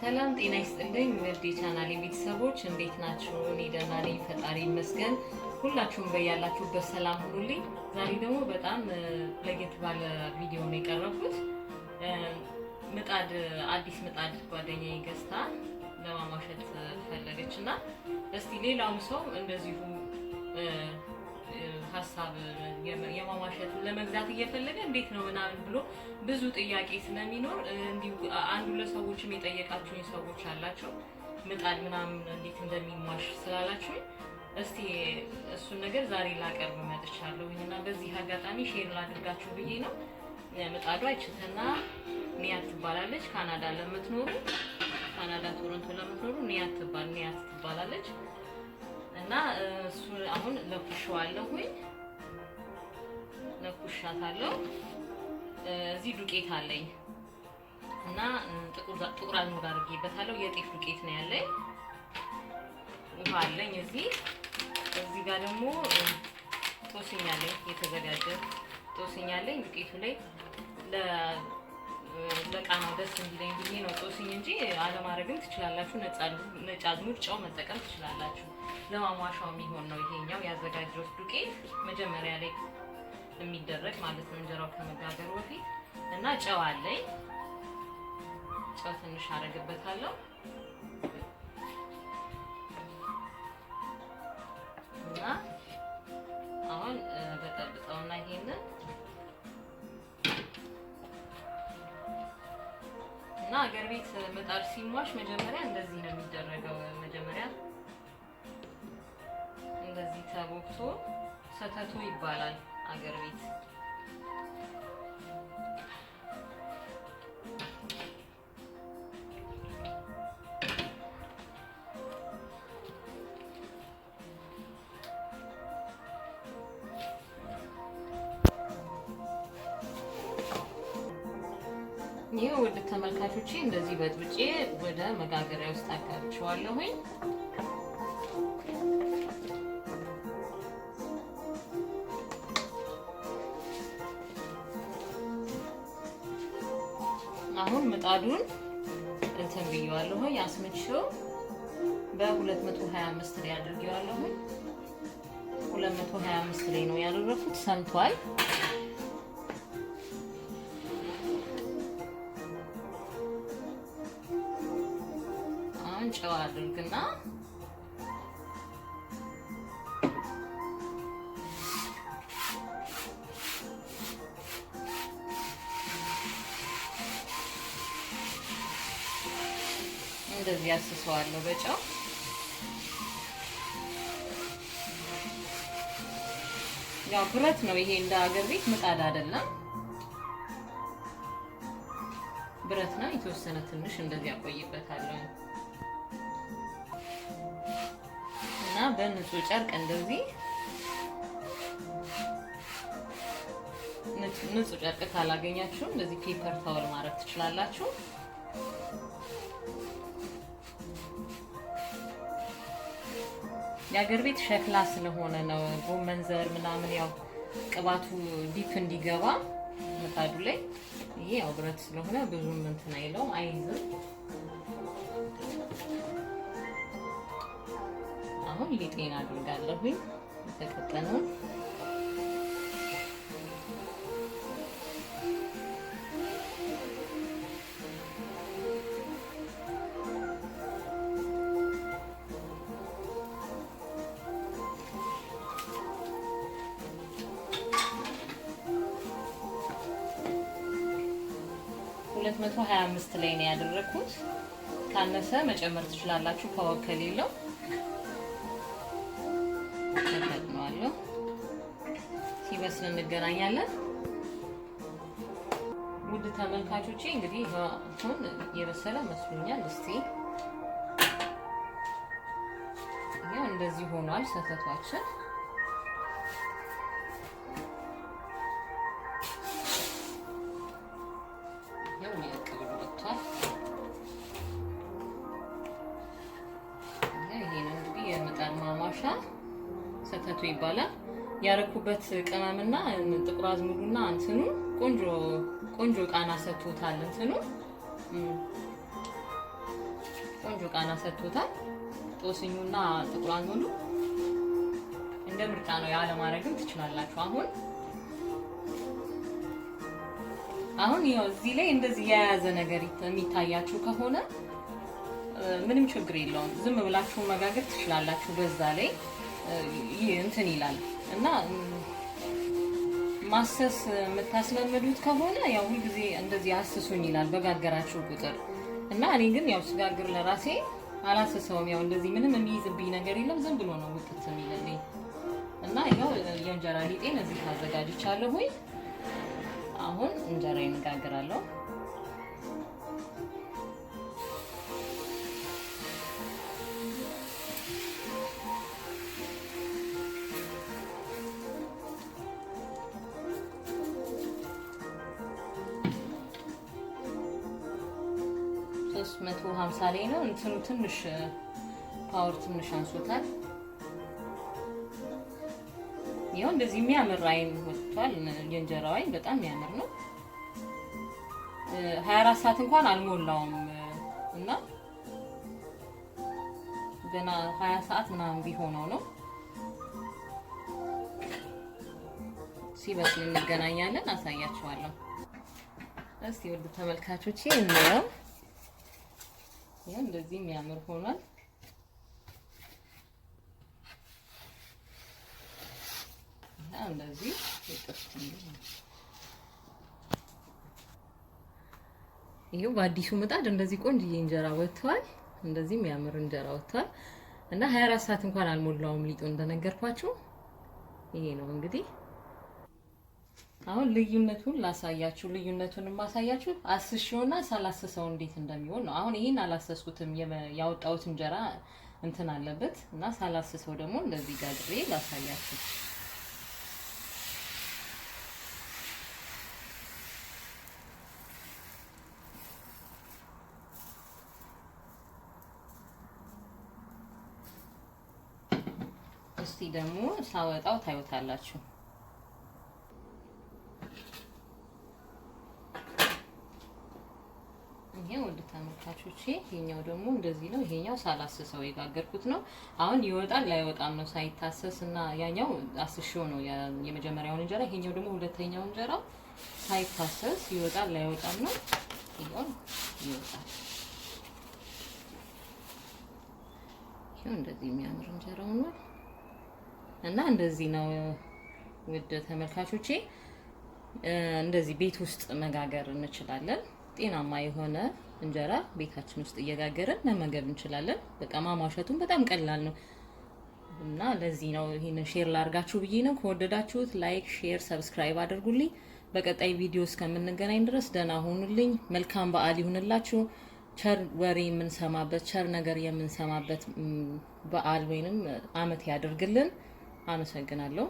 ሰላም ጤና ይስጥልኝ ውድ የቻናሌ ቤተሰቦች እንዴት ናችሁ? እኔ ደህና ነኝ፣ ፈጣሪ ይመስገን። ሁላችሁም በያላችሁበት ሰላም ሁኑልኝ። ዛሬ ደግሞ በጣም ለየት ባለ ቪዲዮ ነው የቀረብኩት። ምጣድ አዲስ ምጣድ ጓደኛዬ ገዝታ ለማሟሸት ፈለገች እና እስቲ ሌላውም ሰው እንደዚሁ ሀሳብ የማሟሸቱ ለመግዛት እየፈለገ እንዴት ነው ምናምን ብሎ ብዙ ጥያቄ ስለሚኖር እንዲሁ አንዱ ለሰዎችም የጠየቃችሁኝ ሰዎች አላቸው ምጣድ ምናምን እንዴት እንደሚሟሽ ስላላችሁኝ እስቲ እሱን ነገር ዛሬ ላቀርብ መጥቻለሁ እና በዚህ አጋጣሚ ሼር ላድርጋችሁ ብዬ ነው። ምጣዷ አይችተና ኒያት ትባላለች። ካናዳ ለምትኖሩ ካናዳ ቶሮንቶ ለምትኖሩ ኒያት ትባል ኒያት ትባላለች። እና እሱን አሁን ለኩሸዋለሁኝ ለኩሻታለሁ። እዚህ ዱቄት አለኝ እና ጥቁር አዝሙድ አድርጌበታለሁ። የጤፍ ዱቄት ነው ያለኝ። ውሃ አለኝ እዚህ እዚህ ጋር ደግሞ ጦስኛ አለኝ የተዘጋጀ ጦስኛ አለኝ ዱቄቱ ላይ በቃ ነው ደስ እንዲለኝ ብዬ ነው ጦስኝ እንጂ አለማድረግም ትችላላችሁ። ነጭ አዝሙድ፣ ጨው መጠቀም ትችላላችሁ። ለማሟሻው የሚሆን ነው ይሄኛው ያዘጋጀሁት ዱቄት መጀመሪያ ላይ የሚደረግ ማለት ነው እንጀራው ከመጋገሩ በፊት እና ጨው አለኝ። ጨው ትንሽ አደርግበታለሁ። እና ሀገር ቤት ምጣድ ሲሟሽ መጀመሪያ እንደዚህ ነው የሚደረገው። መጀመሪያ እንደዚህ ተቦክቶ ሰተቱ ይባላል ሀገር ቤት ይህ ውድ ተመልካቾቼ እንደዚህ በጥብጬ ወደ መጋገሪያ ውስጥ አጋብቸዋለሁኝ። አሁን ምጣዱን እንትን ብየዋለሁኝ አስመቼው በ225 ላይ አድርጌዋለሁ። 225 ላይ ነው ያደረኩት። ሰምቷል። በጣም ጨው አድርግና እንደዚህ አስሰዋለሁ በጨው ያው ብረት ነው ይሄ፣ እንደ ሀገር ቤት ምጣድ አይደለም፣ ብረት ነው። የተወሰነ ትንሽ እንደዚህ ያቆይበታለሁ። እና በንጹህ ጨርቅ እንደዚህ ንጹህ ጨርቅ ካላገኛችሁ እንደዚህ ፔፐር ታወል ማድረግ ትችላላችሁ። የአገር ቤት ሸክላ ስለሆነ ነው ጎመን ዘር ምናምን ያው ቅባቱ ዲፕ እንዲገባ ምጣዱ ላይ። ይሄ ያው ብረት ስለሆነ ብዙም እንትን አይለውም አይይዝም። አሁን ሊጤን አድርጋለሁኝ የተቀቀነውን ሁለት መቶ ሀያ አምስት ላይ ነው ያደረኩት። ካነሰ መጨመር ትችላላችሁ ከወከሌለው ተጠቅመዋለሁ። ሲበስል እንገናኛለን። ውድ ተመልካቾቼ እንግዲህ አሁን የበሰለ መስሎኛል። እስቲ ያው እንደዚህ ሆኗል ሰተቷችን። ይሄ ነው እንግዲህ የምጣድ ማሟሻ ሰተቱ ይባላል። ያረኩበት ቅመምና ጥቁር አዝሙዱና እንትኑ ቆንጆ ቆንጆ ቃና ሰጥቶታል። እንትኑ ቆንጆ ቃና ሰጥቶታል። ጦስኙና ጥቁር አዝሙዱ እንደ ምርጫ ነው። ያለማድረግም ትችላላችሁ። አሁን አሁን ያው እዚህ ላይ እንደዚህ የያዘ ነገር የሚታያችሁ ከሆነ ምንም ችግር የለውም። ዝም ብላችሁ መጋገር ትችላላችሁ በዛ ላይ እንትን ይላል እና ማሰስ የምታስለምዱት ከሆነ ያው ሁልጊዜ እንደዚህ አስሱኝ ይላል በጋገራችሁ ቁጥር እና እኔ ግን ያው ስጋግር ለራሴ አላስሰውም። ያው እንደዚህ ምንም የሚይዝብኝ ነገር የለም። ዝም ብሎ ነው ውጥት የሚለኝ እና ያው የእንጀራ ሊጤን እዚህ ታዘጋጅቻለሁኝ። አሁን እንጀራ ይነጋግራለሁ። ሶስት መቶ ሀምሳ ላይ ነው። እንትኑ ትንሽ ፓወር ትንሽ አንሶታል። ይኸው እንደዚህ የሚያምር አይን ወጥቷል። የእንጀራው አይን በጣም የሚያምር ነው። ሀያ አራት ሰዓት እንኳን አልሞላውም እና ገና ሀያ ሰዓት ምናምን ቢሆነው ነው። ሲበስል እንገናኛለን፣ አሳያችኋለሁ። እስቲ ውድ ተመልካቾቼ እንየው። ይሄ እንደዚህ የሚያምር ሆኗል። እንደዚህ ይሄው በአዲሱ ምጣድ እንደዚህ ቆንጅዬ እንጀራ ወጥቷል። እንደዚህ የሚያምር እንጀራ ወጥቷል እና 24 ሰዓት እንኳን አልሞላውም ሊጡ እንደነገርኳችሁ ይሄ ነው እንግዲህ አሁን ልዩነቱን ላሳያችሁ። ልዩነቱን ማሳያችሁ አስሽውና ሳላሰሰው እንዴት እንደሚሆን ነው። አሁን ይህን አላሰስኩትም፣ ያወጣሁት እንጀራ እንትን አለበት እና ሳላስሰው ደግሞ እንደዚህ ጋግሬ ላሳያችሁ። እስቲ ደግሞ ሳወጣው ታዩታላችሁ። ውድ ተመልካቾቼ፣ ይሄኛው ደግሞ እንደዚህ ነው። ይሄኛው ሳላስሰው የጋገርኩት ነው። አሁን ይወጣል ላይወጣም ነው ሳይታሰስ እና ያኛው አስሽው ነው የመጀመሪያውን እንጀራ። ይሄኛው ደግሞ ሁለተኛው እንጀራ ሳይታሰስ ይወጣል ላይወጣም ነው። ይሄው ይወጣል። ይሄው እንደዚህ የሚያምር እንጀራው ነው እና እንደዚህ ነው ውድ ተመልካቾቼ እንደዚህ ቤት ውስጥ መጋገር እንችላለን። ጤናማ የሆነ እንጀራ ቤታችን ውስጥ እየጋገርን መመገብ እንችላለን። በቃ ማሟሸቱን በጣም ቀላል ነው እና ለዚህ ነው ይህንን ሼር ላርጋችሁ ብዬ ነው። ከወደዳችሁት ላይክ፣ ሼር፣ ሰብስክራይብ አድርጉልኝ። በቀጣይ ቪዲዮ እስከምንገናኝ ድረስ ደህና ሁኑልኝ። መልካም በዓል ይሁንላችሁ። ቸር ወሬ የምንሰማበት ቸር ነገር የምንሰማበት በዓል ወይንም አመት ያደርግልን። አመሰግናለሁ።